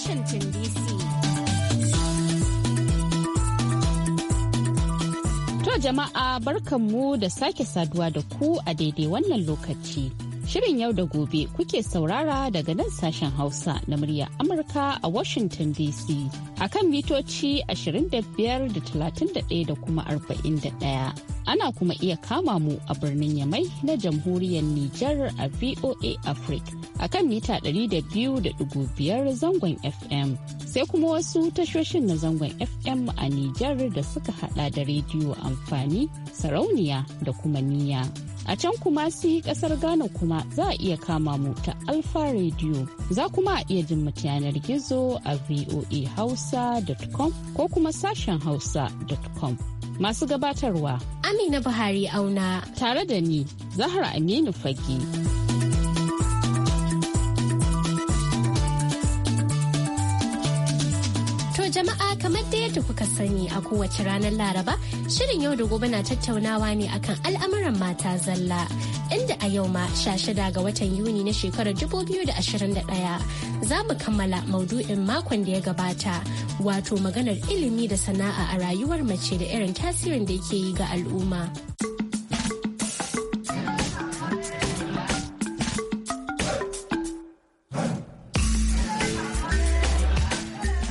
Washington DC. To jama'a barkanmu da sake saduwa da ku a daidai wannan lokaci. Shirin yau da gobe kuke saurara daga nan sashen Hausa na murya Amurka a Washington DC a kan mitoci 25 da 31 da kuma 41. ana kuma iya kama mu a birnin Yamai na jamhuriyar Nijar a VOA Africa a kan mita 200.5 zangon FM. Sai kuma wasu tashoshin na zangon FM a Nijar da suka hada da rediyo amfani, sarauniya da kuma niya. A can kuma si kasar Ghana kuma za a iya kama mu ta Alfa Radio. Za kuma a iya jin mu yanar gizo a voahausa.com ko kuma sashen hausa.com. Masu gabatarwa Amina Buhari auna tare da ni Zahra Aminu Fage. To jama'a kamar da yadda kuka sani a kowace ranar Laraba, shirin yau da gobe na tattaunawa ne akan al'amuran mata zalla. Inda a yau ma 16 ga watan Yuni na shekarar 2021 za mu kammala maudu'in makon da ya gabata wato maganar ilimi da sana'a a rayuwar mace da irin tasirin da yake yi ga al'umma.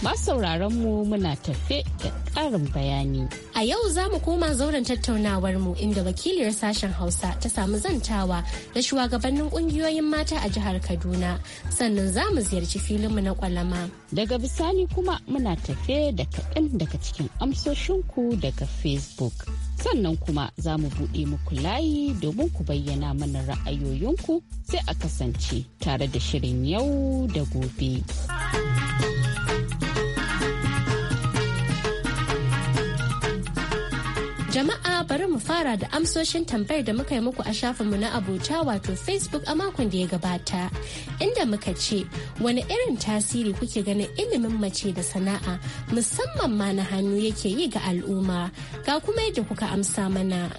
Masu sauraron mu muna tafe da ƙarin bayani. A yau za mu koma zauren tattaunawar mu inda wakiliyar sashen Hausa ta samu zantawa da shugabannin ƙungiyoyin mata a jihar Kaduna. Sannan za mu ziyarci mu na kwalama. Daga bisani kuma muna tafe da kaɗan daga cikin amsoshin ku daga Facebook. sannan kuma za mu buɗe muku layi domin ku bayyana mana ra'ayoyinku sai a kasance tare da shirin yau da gobe. Jama'a bari mu fara da amsoshin tambayar da muka yi muku a shafinmu na abota wato Facebook a makon da ya gabata. Inda muka ce, wani irin tasiri kuke ganin ilimin mace da sana'a musamman ma na hannu yake yi ga al'umma. Ga kuma yadda kuka amsa mana.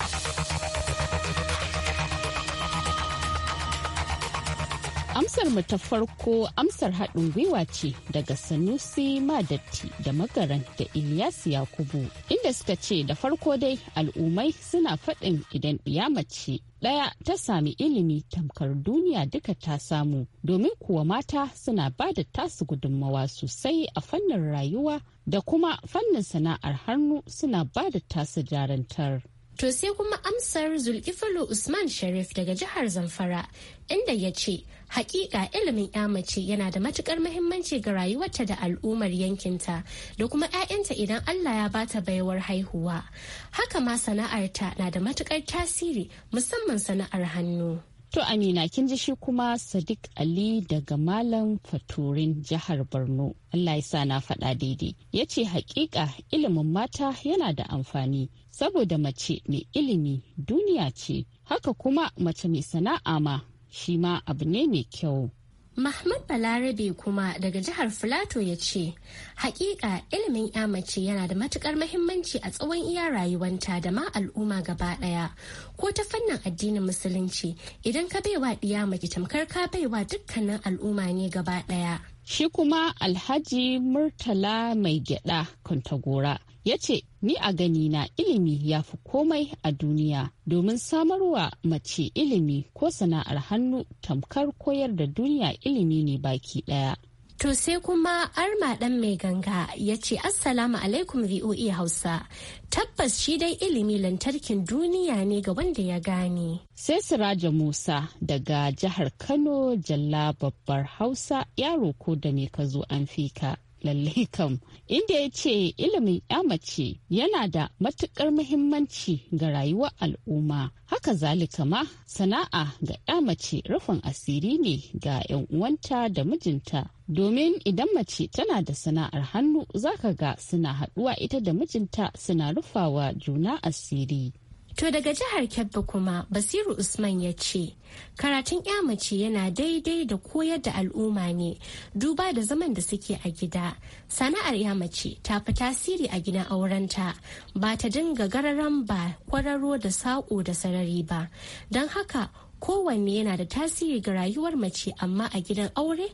amsar mu ta farko amsar haɗin gwiwa ce daga sanusi madatti da magaran da ilyas yakubu inda suka ce da farko dai al'ummai suna faɗin idan mace ɗaya ta sami ilimi tamkar duniya duka ta samu domin kuwa mata suna ba da tasu gudunmawa sosai a fannin rayuwa da kuma fannin sana'ar hannu suna ba da tasu jarantar To sai kuma amsar Zulkifalu Usman Sharif daga jihar Zamfara inda ya ce, Hakika ilimin ya mace yana da matukar muhimmanci ga rayuwarta da al'ummar yankinta da kuma 'ya'yanta idan Allah ya bata baiwar haihuwa. Haka ma sana'arta na da matukar tasiri musamman sana'ar hannu. To Amina kin ji shi kuma Sadiq Ali daga Malam Faturin jihar Borno. Allah ya sa na faɗa daidai. Ya ce haƙiƙa ilimin mata yana da amfani saboda mace mai ilimi duniya ce. Haka kuma mace mai sana'a ma shi ma abu ne mai kyau. Mahmud Balarabe kuma daga jihar Filato ya ce, Hakika ilimin ya mace yana da matukar mahimmanci a tsawon iya rayuwanta da ma al'umma gaba daya. Ko ta fannin addinin musulunci idan ka baiwa ɗiya mace tamkar ka baiwa dukkanin al'umma ne gaba daya. Shi kuma Alhaji Murtala mai gyada Kuntagora. ya ce ni a gani na ilimi ya fi komai a duniya domin samarwa mace ilimi ko sana'ar hannu tamkar koyar da duniya ilimi ne baki daya To sai kuma arma ɗan mai ganga ya ce Assalamu alaikum voe Hausa. Tabbas shi dai ilimi lantarkin duniya ne ga wanda ya gane. Sai Siraja Musa daga jihar Kano Jalla babbar Hausa yaro ko da me ka zo an fika. lallai kam inda ya ce ilimin ya mace yana da matuƙar muhimmanci ga rayuwar al'umma haka zalika ma sana'a ga ya mace rufin asiri ne ga 'yan uwanta da mijinta domin idan mace tana da sana'ar hannu zaka ga suna haɗuwa ita da mijinta suna rufawa juna asiri To daga jihar Kebbi kuma Basiru Usman ya ce, karatun mace yana daidai da koyar da al'umma ne duba da zaman da suke a gida. Sana'ar mace ta fi tasiri a gidan aurenta ba ta dinga gararan ba kwararo da saƙo da sarari ba. Don haka kowanne yana da tasiri ga rayuwar mace amma a gidan aure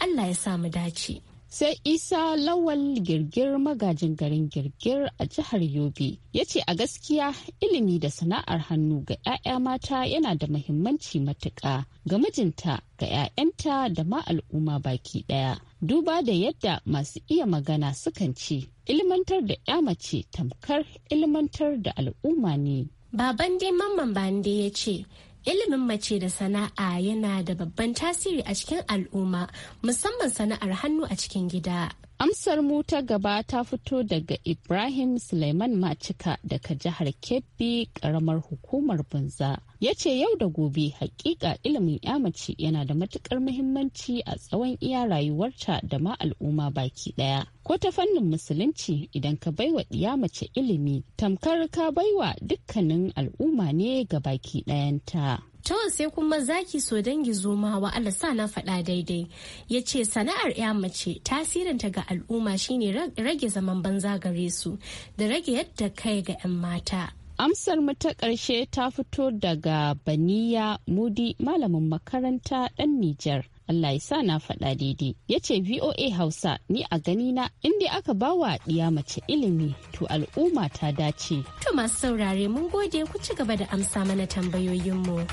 Allah ya samu dace. sai isa lawal girgir magajin garin girgir a jihar yobe ya ce a gaskiya ilimi da sana'ar hannu ga 'ya'ya mata yana da mahimmanci matuƙa ga mijinta ga 'ya'yanta da ma al'umma baki ɗaya duba da yadda masu iya magana sukan ce ilmantar da 'ya mace tamkar ilmantar da al'umma ne baban dai mamman bande ya ce ilimin mace da sana'a yana da babban tasiri a cikin al'umma musamman sana'ar hannu a cikin gida. Amsar mu ta gaba ta fito daga Ibrahim Suleiman Macika daga jihar Kebbi karamar hukumar Bunza. Ya ce yau da gobe hakika ilimin mace yana da matukar muhimmanci a tsawon iya rayuwarta da ma al'umma baki daya. Ko ta fannin musulunci idan ka baiwa mace ilimi tamkar ka baiwa dukkanin al'umma ne ga baki dayanta. Tawon sai kuma zaki so dangi zoma Allah sa na faɗa daidai. Ya ce sana'ar 'ya mace tasirinta ga al'umma shine rage zaman banza gare su da rage yadda kai ga 'yan mata. Amsar mu ta ƙarshe ta fito daga Baniya Mudi malamin makaranta ɗan Nijar. Allah ya sa na faɗa daidai. Ya ce VOA Hausa ni a gani ganina inda aka bawa ɗiya mace ilimi to al'umma ta dace. To masu saurare mun gode ku ci gaba da amsa mana tambayoyinmu.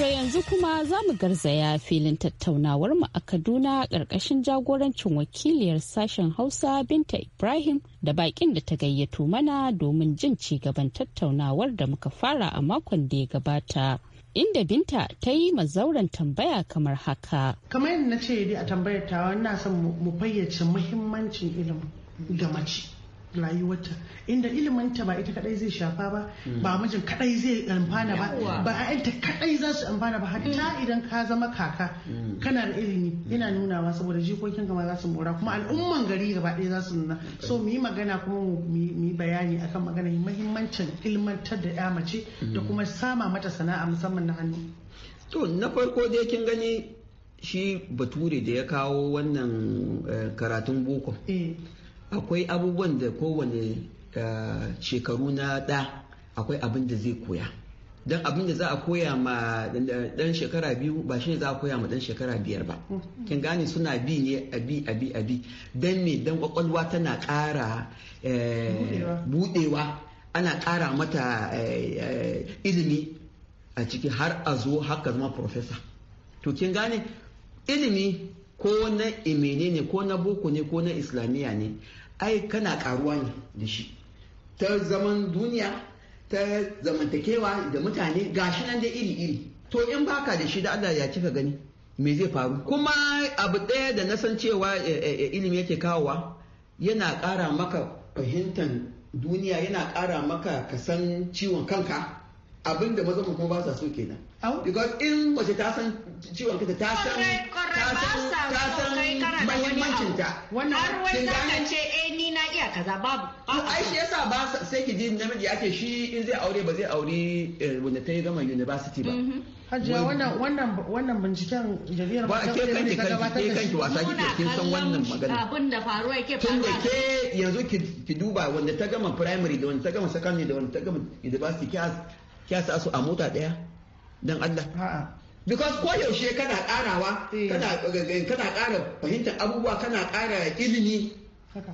To yanzu kuma za mu garzaya filin tattaunawar mu a Kaduna ƙarƙashin jagorancin wakiliyar sashen Hausa Binta Ibrahim da baƙin da ta gayyato mana domin jin ci gaban tattaunawar da muka fara a makon da ya gabata. inda binta ta yi mazauran tambaya kamar haka. Kamar yadda na ce dai a tambayar ta na son mu fayyace muhimmancin ilimi ga mace. rayuwarta inda iliminta ba ita kadai zai shafa ba hmm. ba mijin kadai zai amfana ba ba ta kadai za su amfana ba hatta hmm. idan ka zama kaka hmm. kana da ilimi yana nunawa saboda jikokin gama za su mora kuma al'umman gari gaba ɗaya za su nuna so mu yi magana kuma mu yi bayani akan maganar muhimmancin ilmantar da ya mace da kuma sama mata sana'a musamman na hannu to na farko dai kin gani shi bature da ya kawo wannan eh, karatun boko eh. akwai abubuwan da kowane eh, shekaru na ɗa akwai abin da zai koya don abin da za a koya ma dan shekara biyu ba shi za a koya ma ɗan shekara biyar ba kin gane suna bi ne abi abi abi dan me dan kwakwalwa tana ƙara eh, budewa ana ƙara mata eh, ilimi a ciki har a zo haka zama profesa to kin gane ilimi ko na ne ko na boko ne ko na islamiyya ne ai kana karuwa ne da shi ta zaman duniya ta zamantakewa da mutane gashi nan dai iri-iri to in baka da shi da Allah ya kika gani me zai faru kuma abu ɗaya da na san cewa eh, eh, eh, ilimi yake kawowa yana ƙara maka fahimtar duniya yana ƙara maka ka san ciwon kanka abin da maza kuma ba sa so kenan because in mace ta san ciwon kanta ta san ta san mahimmancin ta har wai ka ce eh ni na iya kaza babu ai shi yasa ba sai ki ji namiji ake shi in zai aure ba zai aure eh, wanda ta yi gama university ba mm-hmm. Hajiya wannan wannan wannan binciken jariyar ba ke kanki kanki kanki wasa kike kin san wannan magana abin da faruwa yake faruwa tunda ke yanzu ki duba wanda ta gama primary da wanda ta gama secondary da wanda ta gama university ki ya sa su a mota ɗaya don Allah. Because ko yaushe kana karawa, eh. kana ƙara fahimtar abubuwa, kana ƙara ilimi.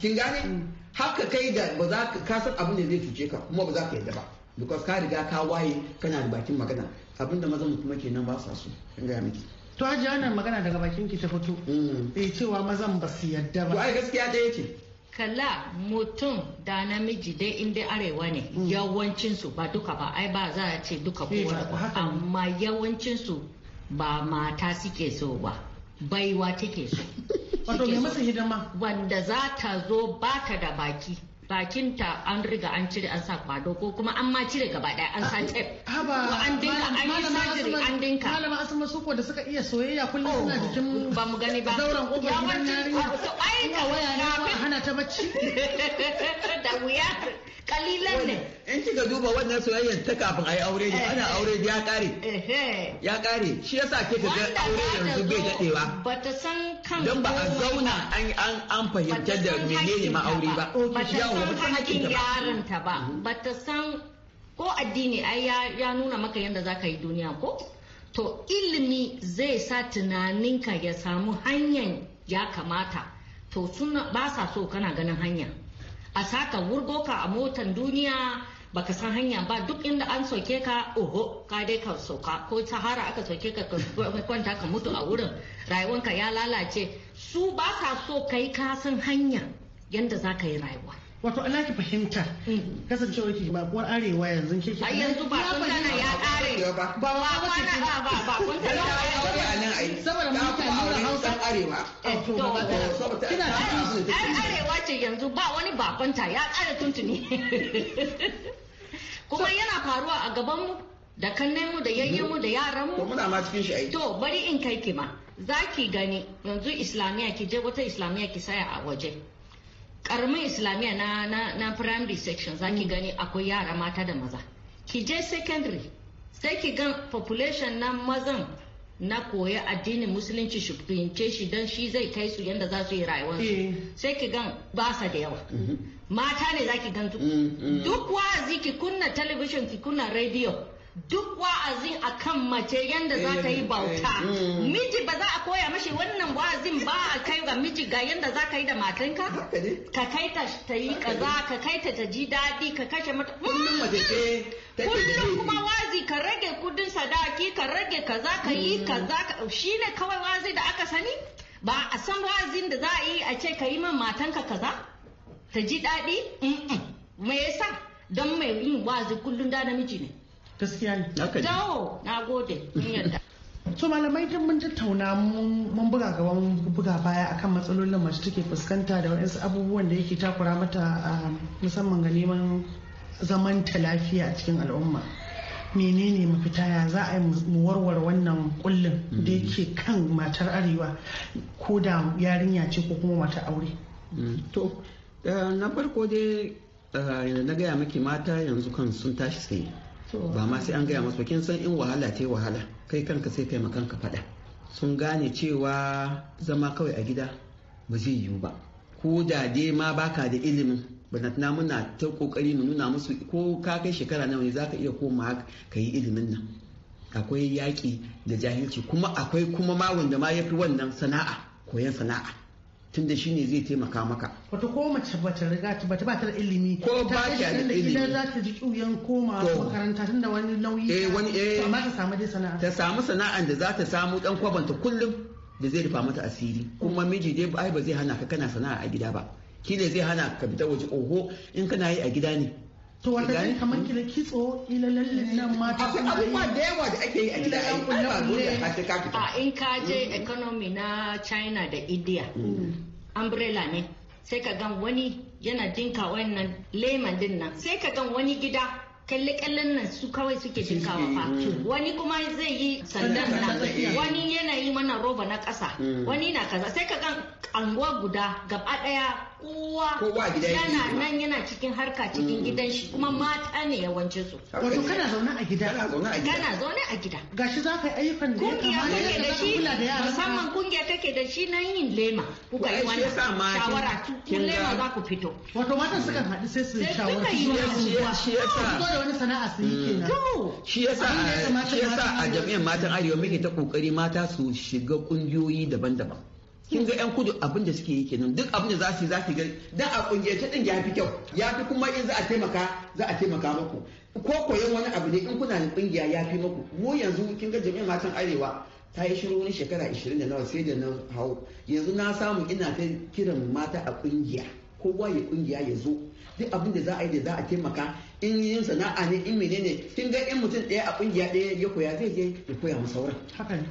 Kin gane? Hmm. Haka kai da ba za ka san abin da zai cuce ka kuma ba za ka yadda ba. Because ka riga ka waye kana da bakin magana. Abin da mazan kuma kenan ba sa so. Kin gaya miki. To Hajiya wannan magana daga bakin ki ta fito. Hmm. Eh cewa mazan ba su yadda ba. To ai gaskiya ɗaya ce. kala mutum da namiji dai inda arewa ne mm. yawancinsu ba duka ba ai ba za a ce duka eh, kowa amma yawancinsu ba mata suke so ba baiwa take so wato mai masa hidima wanda za ta zo ba ta da baki ta an riga an cire an sa kwado ko kuma an ma cire gaba daya an sa tape haba an dinka an yi surgery an dinka malama asuma su ko da suka iya soyayya kullum suna oh, jikin ba mu gani ba zauren kofar gidan yarinya oh, ai ka waya ne ba hana ta bacci da wuya kalilan ne in kika duba wannan soyayyar ta kafin a yi aure ne ana aure ya kare ya kare shi yasa kika ga aure yanzu bai dadewa ta san kan don ba a zauna an an fahimtar da menene ma aure ba san ba bata mm-hmm. san ko addini ai ya nuna maka yadda za ka yi duniya ko to ilimi zai sa tunaninka ya samu hanyar ya kamata to suna ba sa so kana ganin hanya a saka wurgoka a motan duniya baka san hanya ba duk inda an soke ka oho ka dai ka soka ko sahara aka soke ka kwanta ka mutu a wurin rayuwanka ya lalace su ba sa so kai ka san hanya yadda za ka yi rayuwa wato ana ki fahimta mm. kasancewar ki ba kuwar arewa yanzu ke ki yanzu ba kun tana ya kare ba ba ba ba ba ba kun tana ya kare saboda mutane da Hausa arewa eh, to ba ta kina cikin arewa ce yanzu ba wani bakonta ya kare tuntuni kuma yana faruwa a gaban mu da kannen mu da yayyen mu da yaran mu muna ma cikin shi ai to bari in kai ki ma zaki gani yanzu islamiya ki je wata islamiya ki saya a waje karamin islamiyya na, na, na primary section za ki mm. gani akwai yara mata da maza ki je secondary sai ki gan population na mazan na koya addinin musulunci shi fahimce shi don shi zai kai su yadda za su yi rayuwarsu mm. sai ki gan basa da yawa mm-hmm. mata ne za ki gan mm-hmm. duk wazi ki kunna television ki kunna rediyo duk wa'azin a kan mace yadda za ta yi eh, bauta eh, eh. Mm. miji ba za a koya mashi wannan wa'azin ba a kai ga miji ga yadda za ka yi da matanka ka kai ta ta yi kaza ka kai ta ta ji daɗi ka kashe mata kullum ce mm. kullum kuma wazi ka rage kudin sadaki ka rage kaza ka yi mm. kaza ne kawai wazi da aka sani ba a san wazin da za a yi a ce ka yi min matanka kaza ta ji daɗi me yasa don mai yin wazi kullum da namiji ne gaskiya ne dawo na gode yadda to malamai duk mun tattauna mun buga gaba mun buga baya akan matsalolin mace take fuskanta da waɗansu abubuwan da yake takura mata musamman ga neman zaman ta lafiya a cikin al'umma menene mafita ya za a yi mu warware wannan kullum mm. da yake kan matar arewa ko da yarinya ce ko kuma matar aure mm. to eh, na farko dai eh, na gaya maki mata yanzu kan sun tashi sai ba ma sai an gaya masu kin san in wahala ta wahala kai kanka sai kai kanka faɗa sun gane cewa zama kawai a gida ba zai yiwu ba ko da dai ma baka da ilimin banatna muna ta kokari mu nuna musu ko ka kai shekara nawa ne zaka iya koma ka yi ilimin nan akwai yaƙi da jahilci kuma akwai kuma ma wanda ma yafi wannan sana'a koyan sana'a tunda shi ne zai taimaka maka. Wata ko mace bata riga ta bata bata da ilimi. Ko ba ta da ilimi. Idan za ta ji ƙuyan koma makaranta da wani nauyi. Eh wani eh. Amma ta samu dai sana'a. Ta samu sana'a da za ta samu dan kwabanta kullum da zai rufa mata asiri. Kuma miji dai ba zai hana ka kana sana'a a gida ba. Kile zai hana ka fita waje oho in kana yi a gida ne. to wanda zai kaman ki da kitso ila lallin nan ma ta kuma abubuwa da yawa da ake yi a gida ai ba dole ka A ka fita a in ka je mm. economy na China da India mm. umbrella ne sai ka gan wani yana dinka wannan leman din nan sai ka gan wani gida kalli kallon nan su kawai suke dinkawa fa mm. wani kuma zai yi sandan nan wani yana yi mana roba na ƙasa wani na kaza sai ka gan anguwa guda gaba ɗaya kowa yana nan yana cikin harka cikin mm. gidan shi kuma mata ne yawancin su wato kana zaune a gida kana zaune a gida gashi za ka yi ayyukan da ya kamata ya da shi musamman kungiya take da shi na yin lema kuka yi wani shawara kun lema za ku fito wato matan sukan haɗu sai su shawara su yi shi yasa fito da wani sana'a su yi mm. kenan shi yasa shi sa a jami'an matan arewa muke ta kokari mata su shiga kungiyoyi daban-daban kin ga yan kudu abin da suke yi kenan duk abin da za su za su ga dan a kungiyance din ya fi kyau ya fi kuma in za a taimaka za a taimaka muku ko koyon wani abu ne in kuna da kungiya ya fi muku mu yanzu kin ga jami'an matan arewa ta yi shiru wani shekara 20 da nawa sai da na hau yanzu na samu ina ta kiran mata a kungiya kowa ya kungiya ya zo duk abin da za a yi da za a taimaka in yin sana'a ne in menene kin ga in mutum ɗaya a kungiya ɗaya ya koya zai je ya koya mu sauran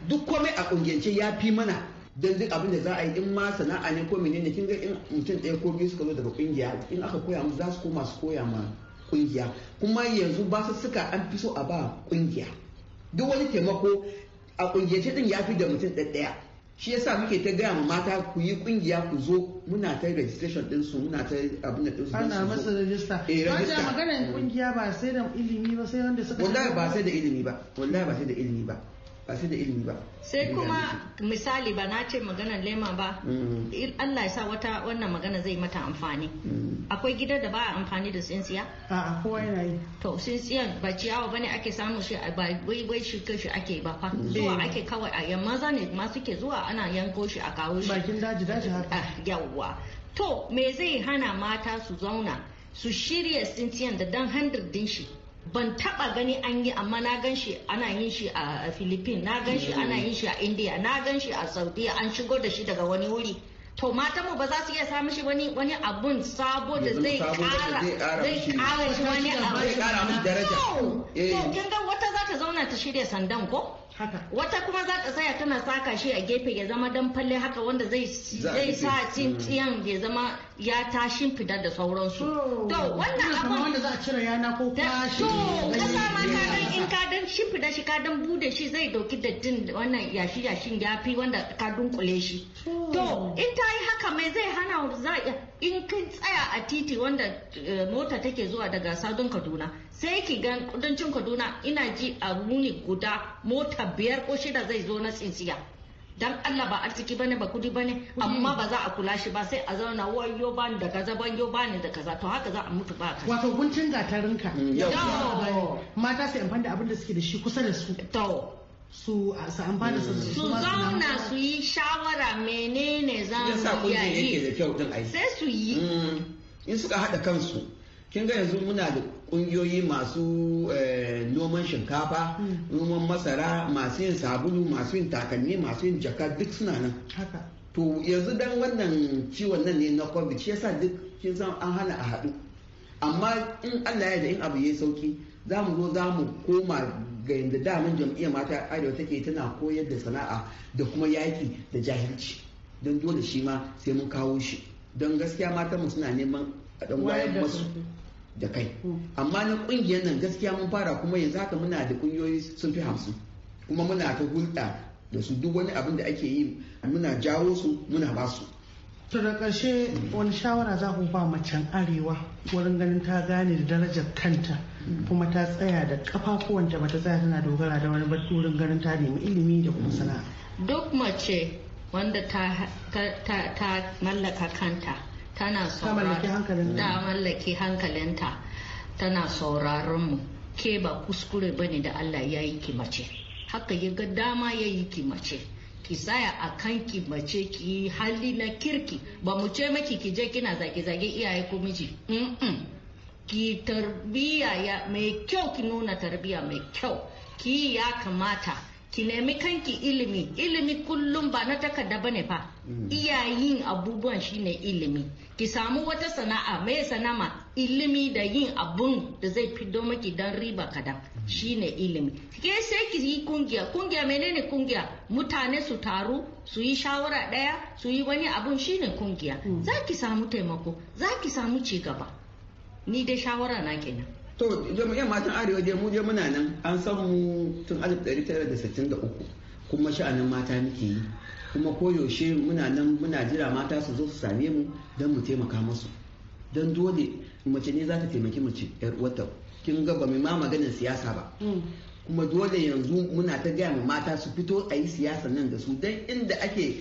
duk komai a kungiyance ya fi mana don duk abin da za a yi in ma sana'a ne ko menene kin ga in mutum ɗaya ko biyu suka zo daga kungiya in aka koya musu za su koma su koya ma kungiya kuma yanzu ba su suka an fi so a ba kungiya duk wani taimako a kungiyace din ya fi da mutum ɗaya shi yasa muke ta gaya mata ku yi kungiya ku zo muna ta registration din su muna ta abin da din su ana masa register eh register maganar kungiya ba sai da ilimi ba sai wanda suka wallahi ba sai da ilimi ba wallahi ba sai da ilimi ba ba sai da ilimi ba sai kuma misali ba na ce maganar lema ba mm. Allah ya sa wata wannan magana zai mata amfani mm. akwai gidan da ba a amfani da tsintsiya a kowa yana yi to tsintsiyan ba ciyawa ne ake samu shi ba wai shi kashi ake ba fa mm. zuwa eh. ake kawai a yamma zane ma suke zuwa ana yanko shi a kawo shi bakin daji daji haka ah, yawwa to me zai hana mata su zauna su shirya tsintsiyan da dan handir din shi ban taba gani an yi amma na gan shi ana yin shi a philippines na gan shi ana yin shi a india na gan shi a saudiya an shigo da shi daga wani wuri to matanmu ba za su iya samun shi wani wani abun sabo da zai kara zai kara shi wani abu eh. to kin ga wata za ta zauna ta shirya sandan ko wata kuma za ta tsaya tana saka shi a gefe ya zama dan falle haka wanda zai zai sa tsintsiyan mm. ya zama ya ta fidar da sauransu to wannan abin wanda za a cire yana ko to ka dan in ka dan shimfida shi ka dan bude shi zai dauki dattin wannan yashi yashin yafi wanda ka dunkule shi to in ta yi haka mai zai hana za in kin tsaya a titi wanda eh, mota take zuwa daga sadun Kaduna sai ki gan kudancin kaduna ina ji a muni guda mota biyar ko shida zai zo na tsintsiya dan Allah ba arziki bane ba kudi bane amma ba za a kula shi ba sai a zauna wayo ba da kaza ban yo ba da kaza to haka za a mutu ba kaza wato guntun gatarinka mm, mata sai amfani da abin da suke da shi kusa da su to su su amfani su su zauna su yi shawara menene za mu yi sai su yi mm. in suka hada kansu kin ga yanzu muna da kungiyoyi masu eh, noman shinkafa hmm. noman masara masu yin sabulu masu yin takalmi masu yin jaka duk suna nan to yanzu dan wannan ciwon nan ne na covid shi yasa duk kin san an hana a haɗu amma in Allah ya da in abu ya sauki za mu zo za mu koma ga yadda damin jam'iyyar mata arewa take tana koyar da sana'a da kuma yaƙi da jahilci don dole shi ma sai mun kawo shi don gaskiya matan mu suna neman a ɗan bayan masu da kai mm. amma na kungiyar nan gaskiya mun fara kuma yanzu haka muna da kungiyoyi sun fi hamsin kuma muna ta hulɗa da su duk wani abin da ake yi muna jawo su muna ba su to da ƙarshe wani shawara za ku ba macen arewa wurin ganin ta gane da darajar kanta kuma ta tsaya da kafafuwanta ta tsaya tana dogara da wani wurin ganin ta nemi ilimi da kuma sana'a duk mace wanda ta mallaka kanta tana sauraron ta mallake hankalinta tana sauraron mu ke ba kuskure bane da Allah ya yi ki mace haka ya ga dama ya yi ki mace ki tsaya a kan ki mace ki yi hali na kirki ba mu ce maki ki je kina zage-zage iyaye ko miji ki tarbiya mai kyau ki nuna tarbiya mai kyau ki ya kamata ki nemi kanki ilimi ilimi kullum ba na takarda bane fa mm. iyayin abubuwan shine ilimi ki samu wata sana'a mai sana'a, ilimi da yin abun da zai fi fido maki don riba kadan mm. shine ilimi ke sai ki yi kungiya kungiya menene kungiya mutane su taru su yi shawara daya su yi wani abun shine kungiya mm. za ki samu taimako za ki samu cigaba. ni dai shawara na kenan to jam'iyyar matan arewa dai mu je muna nan an san mu tun 1963 kuma sha'anin mata muke yi kuma koyaushe muna nan muna jira mata su zo su same mu don mu taimaka musu don dole mace ne za ta taimaki mace yar uwarta kin ga ba mai ma maganin siyasa ba mm. kuma dole yanzu muna ta gaya ma mata su fito a yi siyasa nan da su don inda ake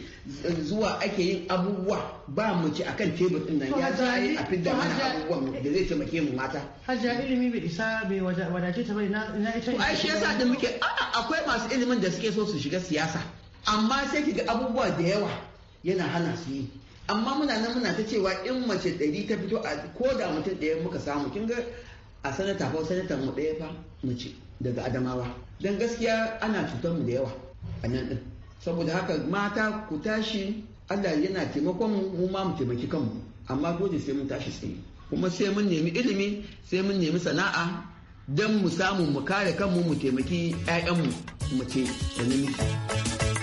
zuwa ake yin abubuwa ba mu ci akan tebur din nan ya za a fidda mana abubuwan da zai taimake mu mata hajiya ilimi bai isa bai wadace ta bai na ita to ai shi yasa da muke akwai masu ilimin da suke so su shiga siyasa amma sai kiga abubuwa da yawa yana hana su yi amma muna nan muna ta cewa in mace ɗari ta fito a ko da mutum ɗaya muka samu kin ga a sanata ko sanatan mu ɗaya fa mace daga adamawa don gaskiya ana cutar mu da yawa a nan din saboda haka mata ku tashi Allah yana taimakon mu mu ma mu taimaki kanmu amma dole sai mun tashi tsaye kuma sai mun nemi ilimi sai mun nemi sana'a don mu samu mu kare kanmu mu taimaki 'ya'yanmu mace da namiji.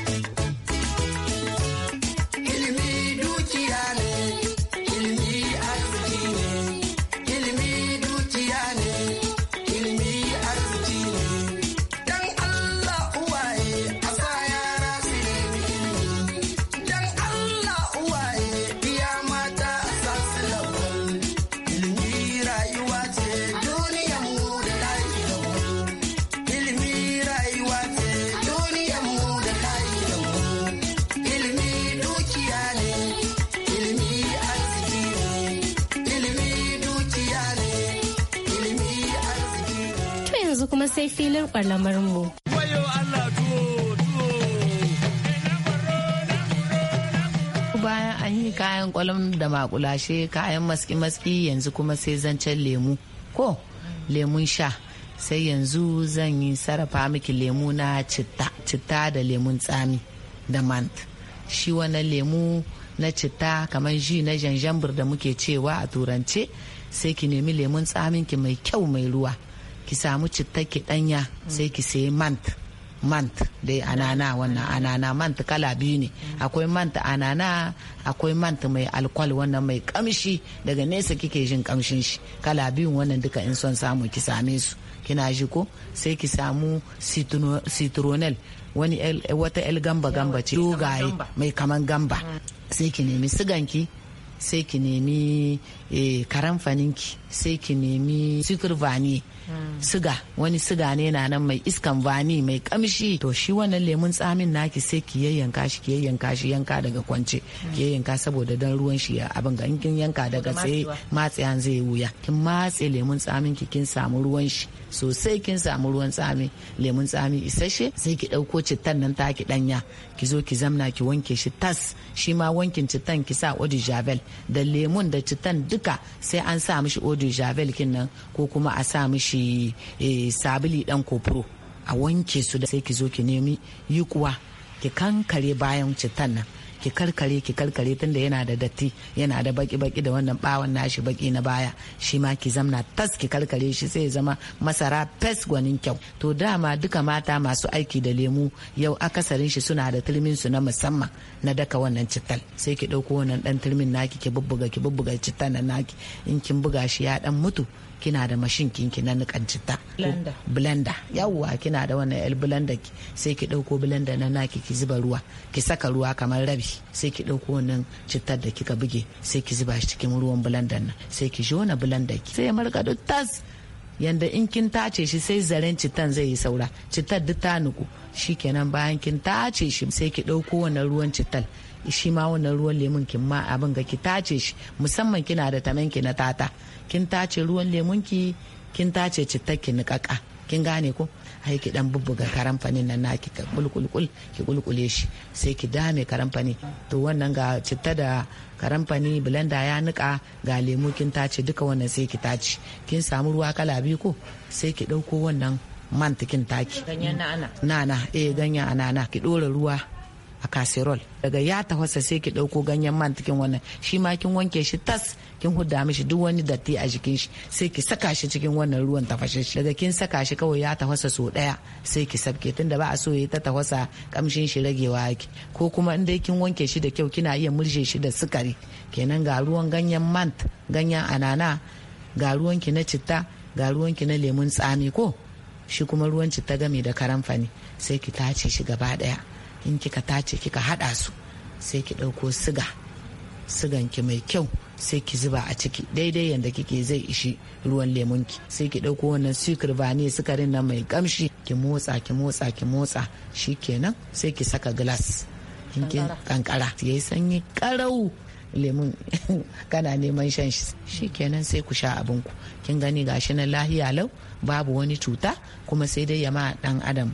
daukar bayan an yi kayan kwalam da makulashe kayan maski-maski yanzu kuma sai zancen lemu ko lemun sha sai yanzu zan yi sarrafa miki lemu na citta citta da lemun tsami da mant shi wannan lemu na citta kamar ji na janjambur da muke cewa a turance sai ki nemi lemun tsamin ki mai kyau mai ruwa ki samu citta ki danya sai ki sayi mant mant dai anana wannan anana mant kala biyu ne akwai mant anana akwai mant mai alkwal wannan mai kamshi daga nesa kike jin kamshin shi kala biyu wannan duka in son samu ki same su kina ji ko sai ki samu citronel wani wata el gamba gamba ce dogaye mai kaman gamba mm. sai ki nemi siganki sai ki nemi eh, karamfaninki sai ki nemi sikir vani suga. wani suga ne na nan mai iskan vani mai kamshi to shi wannan lemun tsamin naki sai ki yayyanka shi ki yayyanka shi yanka daga kwance ki yayyanka saboda dan ruwan shi abin ga kin yanka daga sai matse an zai wuya kin matse lemun tsamin ki kin samu ruwan shi sosai kin samu ruwan tsami lemun tsami isasshe sai ki dauko cittan nan taki danya ki zo ki zamna ki wanke shi tas shi ma wankin cittan ki sa odi javel da lemun da cittan duka sai an sa mishi odi javel kinnan ko kuma a sa mishi eh, sabili dan kofuro a wanke su da sai ki zo ki nemi yi kuwa ki kankare bayan citan nan ki karkare ki karkare tunda yana da datti yana da baki baki da wannan bawan nashi baki na baya shi ma ki zamna tas ki karkare shi sai zama masara fes gwanin kyau to dama duka mata masu aiki da lemu yau akasarin shi suna da turmin su na musamman na daka wannan cittal sai ki dauko wannan dan turmin naki ki bubbuga ki bubbuga cital na naki in kin buga shi ya dan mutu kina da mashin kinki na nikan citta blender yawwa kina da wannan el blender sai ki dauko blender na naki ki zuba ruwa ki saka ruwa kamar rabi sai ki dauko wannan cittar da kika buge sai ki zuba shi cikin ruwan blender nan sai ki jona blender ki sai marka tas yanda in kin tace shi sai zaren cittan zai yi saura cittar duk ta nuku shi kenan bayan kin tace shi sai ki dauko wannan ruwan cittar shi ma wannan ruwan lemun kin ma abin ga ki tace shi musamman kina da tamanki na tata kin tace ruwan lemun ki kin tace citta ki niƙaƙa kin gane ko ai ki dan bubbuga karamfanin nan naki ka kulkulkul ki kulkule shi sai ki dame karamfani to wannan ga citta da karamfani blender ya nika ga lemu kin tace duka wannan sai ki tace kin samu ruwa kala biyu ko sai ki dauko wannan mantikin taki ganyen na'ana na'ana eh ganyen anana ki dora ruwa a casserole daga ya tafasa sai ki dauko ganyen man cikin wannan shi ma kin wanke shi tas kin hudda mishi duk wani datti a jikin shi sai ki saka shi cikin wannan ruwan tafashe shi daga kin saka shi kawai ya tafasa so daya sai ki sabke tunda ba a so ya ta tafasa kamshin shi ragewa yake ko kuma in dai kin wanke shi da kyau kina iya murje shi da sukari kenan ga ruwan ganyen man ganyen anana ga ruwan ki na citta ga ruwan ki na lemun tsami ko shi kuma ruwan citta game da karamfani sai ki tace shi gaba daya in kika tace kika hada su sai ki ɗauko siga sigan ki mai kyau sai ki zuba a ciki daidai yadda kike zai ishi ruwan ki sai ki ɗauko wannan sukar ne sukarin nan mai kamshi ki motsa ki motsa ki motsa shi sai ki saka glass in kin kankara yayi sanyi karau lemun kana neman shan shi shi sai ku sha ku kin gani gashi na lahiya lau babu wani cuta kuma sai dai yama ma dan adam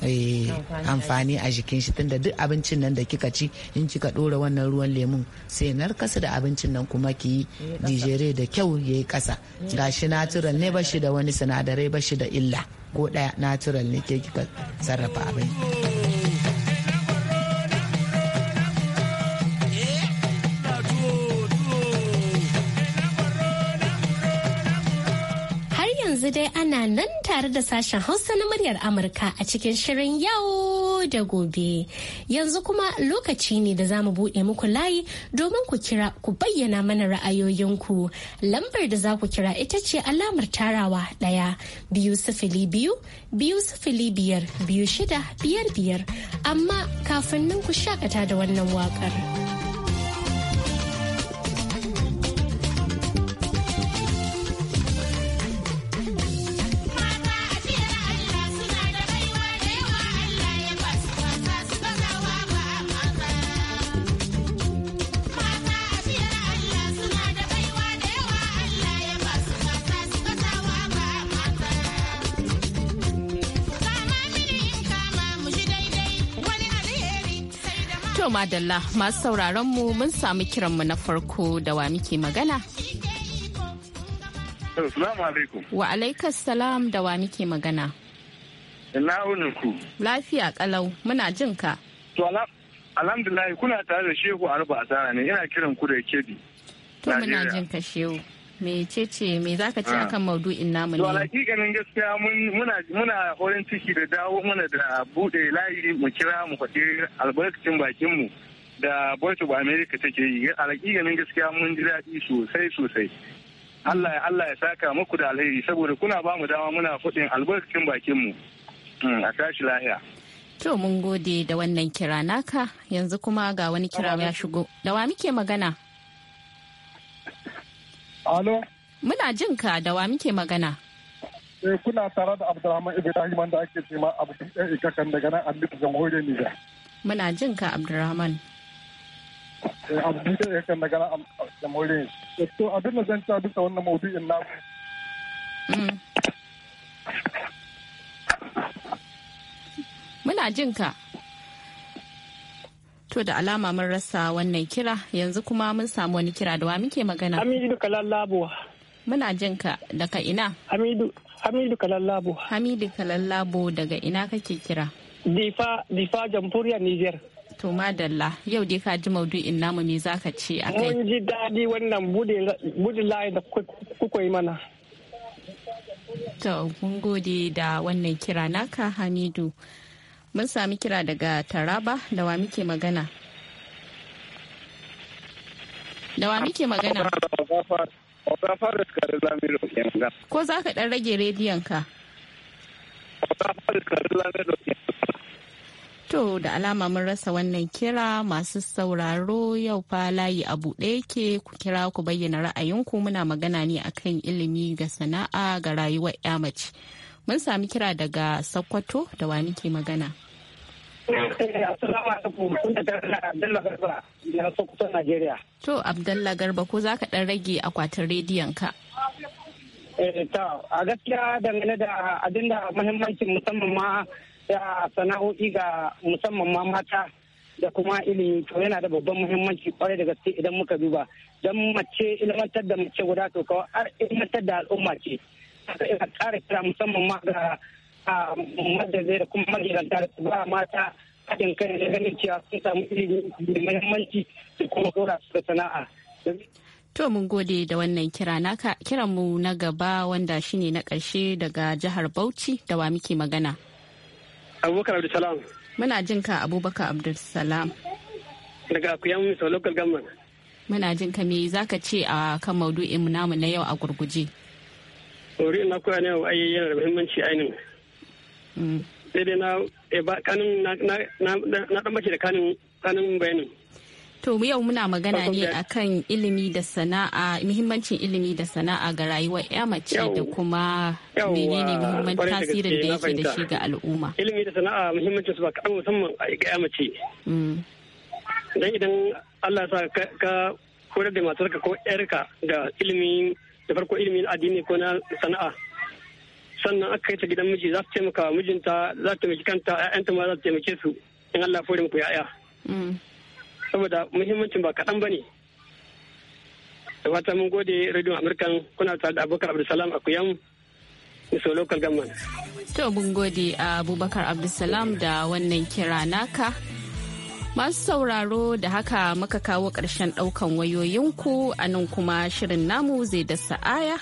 Eh, amfani a jikin shi tunda duk abincin nan da kika ci in kika dora wannan ruwan lemun sai narkasa da abincin nan kuma ki digere da kyau ya yi kasa gashi natural ne ba shi da wani sinadarai ba shi da illa ko daya natural ne ke kika sarrafa abin yanzu dai tare da sashen Hausa na muryar Amurka a cikin shirin yau da gobe. Yanzu kuma lokaci ne da za mu buɗe muku layi domin ku kira ku bayyana mana ra'ayoyinku. Lambar da za ku kira ita ce alamar tarawa ɗaya biyu sifili biyu biyu sifili biyar biyu shida biyar biyar amma kafin nan ku shakata da wannan waƙar. To madalla masu sauraron mu mun samu kiranmu na farko da wa muke magana. Assalamu alaikum. Wa alaikas salam da wa muke magana. Ina wunin ku. Lafiya kalau muna jin ka. To alhamdulillah kuna tare da Shehu Arba Asara ne ina kiran ku da Kebbi. To muna jin ka Shehu. mecece me za ka kan ah. akan maudu'in namu ne? Wala ganin gaskiya muna muna horin ciki da dawo mana da bude layi mu kira mu faɗi albarkacin bakin mu da Voice of America take yi a ganin gaskiya mun ji daɗi sosai sosai. Allah ya Allah ya saka muku da alheri saboda kuna ba mu dama muna faɗin albarkacin bakin mu hmm, a tashi lahiya. To mun gode da wannan kira naka yanzu kuma ga wani kira ya shigo. Da wa muke magana? Alo. Muna jin ka da wa muke magana. Eh kuna tare da Abdulrahman Ibrahim da ake ce ma abu ɗan ikakan daga nan Amurka jamhuriyar Nijar. Muna jin ka Abdulrahman. Eh abu ɗan ikakan daga nan jamhuriyar Nijar. To abin da zan ta bisa wannan maudu'in na. Mm. Muna jin ka. To da alama mun rasa wannan kira yanzu kuma mun samu wani kira da wa muke magana. Hamidu Kalallabo. Muna jin ka daga ina? Hamidu Hamidu Kalallabo. Hamidu Kalallabo daga ina kake kira? Difa Difa Jamhuriyar Niger. To madalla yau dai ka ji maudu'in namu me zaka ce a kai? Mun ji daɗi wannan bude layi da kuka yi mana. To mun gode da wannan kira naka Hamidu. Mun sami kira daga Taraba da wa muke magana. Da wa muke magana? Ko za ka ɗan rage rediyon ka? To da alama mun rasa wannan kira masu sauraro yau fa layi a buɗe yake ku kira ku bayyana ra'ayinku muna magana ne akan ilimi ga sana'a ga rayuwar 'ya mace. Mun sami kira daga sakwato da wa nike magana. Najeriya. To Abdullah Garba ko za ka ɗan rage akwatin rediyon ka? Eh, a gaskiya dangane da abin da muhimmancin musamman ma ya sana'o'i ga musamman ma mata da kuma ilimi to yana da babban muhimmanci kwarai da gaske idan muka duba don mace ilmantar da mace guda to kawai ilmantar da al'umma ce ina ƙara kira musamman ma ga madadai da kuma magidanta da su ba mata haɗin kai da ganin cewa sun samu ilimi da muhimmanci su kuma dora su da sana'a. To mun gode da wannan kira naka kiran mu na gaba wanda shine na ƙarshe daga jihar Bauchi da wa muke magana. Abubakar Abdulsalam. Muna jin ka Abubakar Abdulsalam. Daga Akuyan Misa Local Government. Muna jin ka me zaka ce a kan maudu'in namu na yau a gurguje. Ɗori na koya ne ai yana da muhimmanci ainihin. Mm. Sai dai na eh, kanin na ɗan bace da kanin kanin bayanin. To yau muna magana ne akan ilimi da sana'a muhimmancin ilimi da sana'a ga rayuwar ya mace da kuma menene muhimman tasirin da yake da shi ga al'umma. Ilimi da sana'a muhimmancin su ba kaɗan musamman ga ya mace. Mm. Dan idan Allah sa ka koyar da matarka ko yarka da ilimin da farko ilimin addini ko na sana'a sannan aka kai ta gidan miji za ta taimaka mijinta za ta taimaki kanta ƴaƴanta ma za ta taimake su in Allah fure muku yaya mm. saboda muhimmancin ba kaɗan bane da fata mun gode radio amurkan kuna tare da abubakar abdulsalam a kuyam so local government to mun gode abubakar abdulsalam da wannan kira naka Masu sauraro da haka maka kawo ƙarshen ɗaukan wayoyinku a nan kuma shirin namu zai da sa'aya.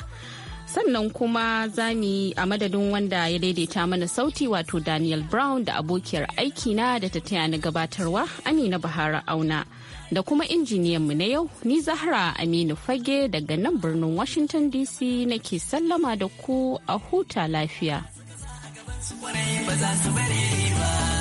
Sannan kuma za mu yi a madadin wanda ya daidaita mana sauti wato Daniel Brown da abokiyar aikina da ta taya na gabatarwa Amina Bahara Auna. Da kuma injiniyan mu na yau ni Zahra Aminu Fage daga nan birnin Washington DC nake sallama da ku a huta lafiya. Ba za su ba.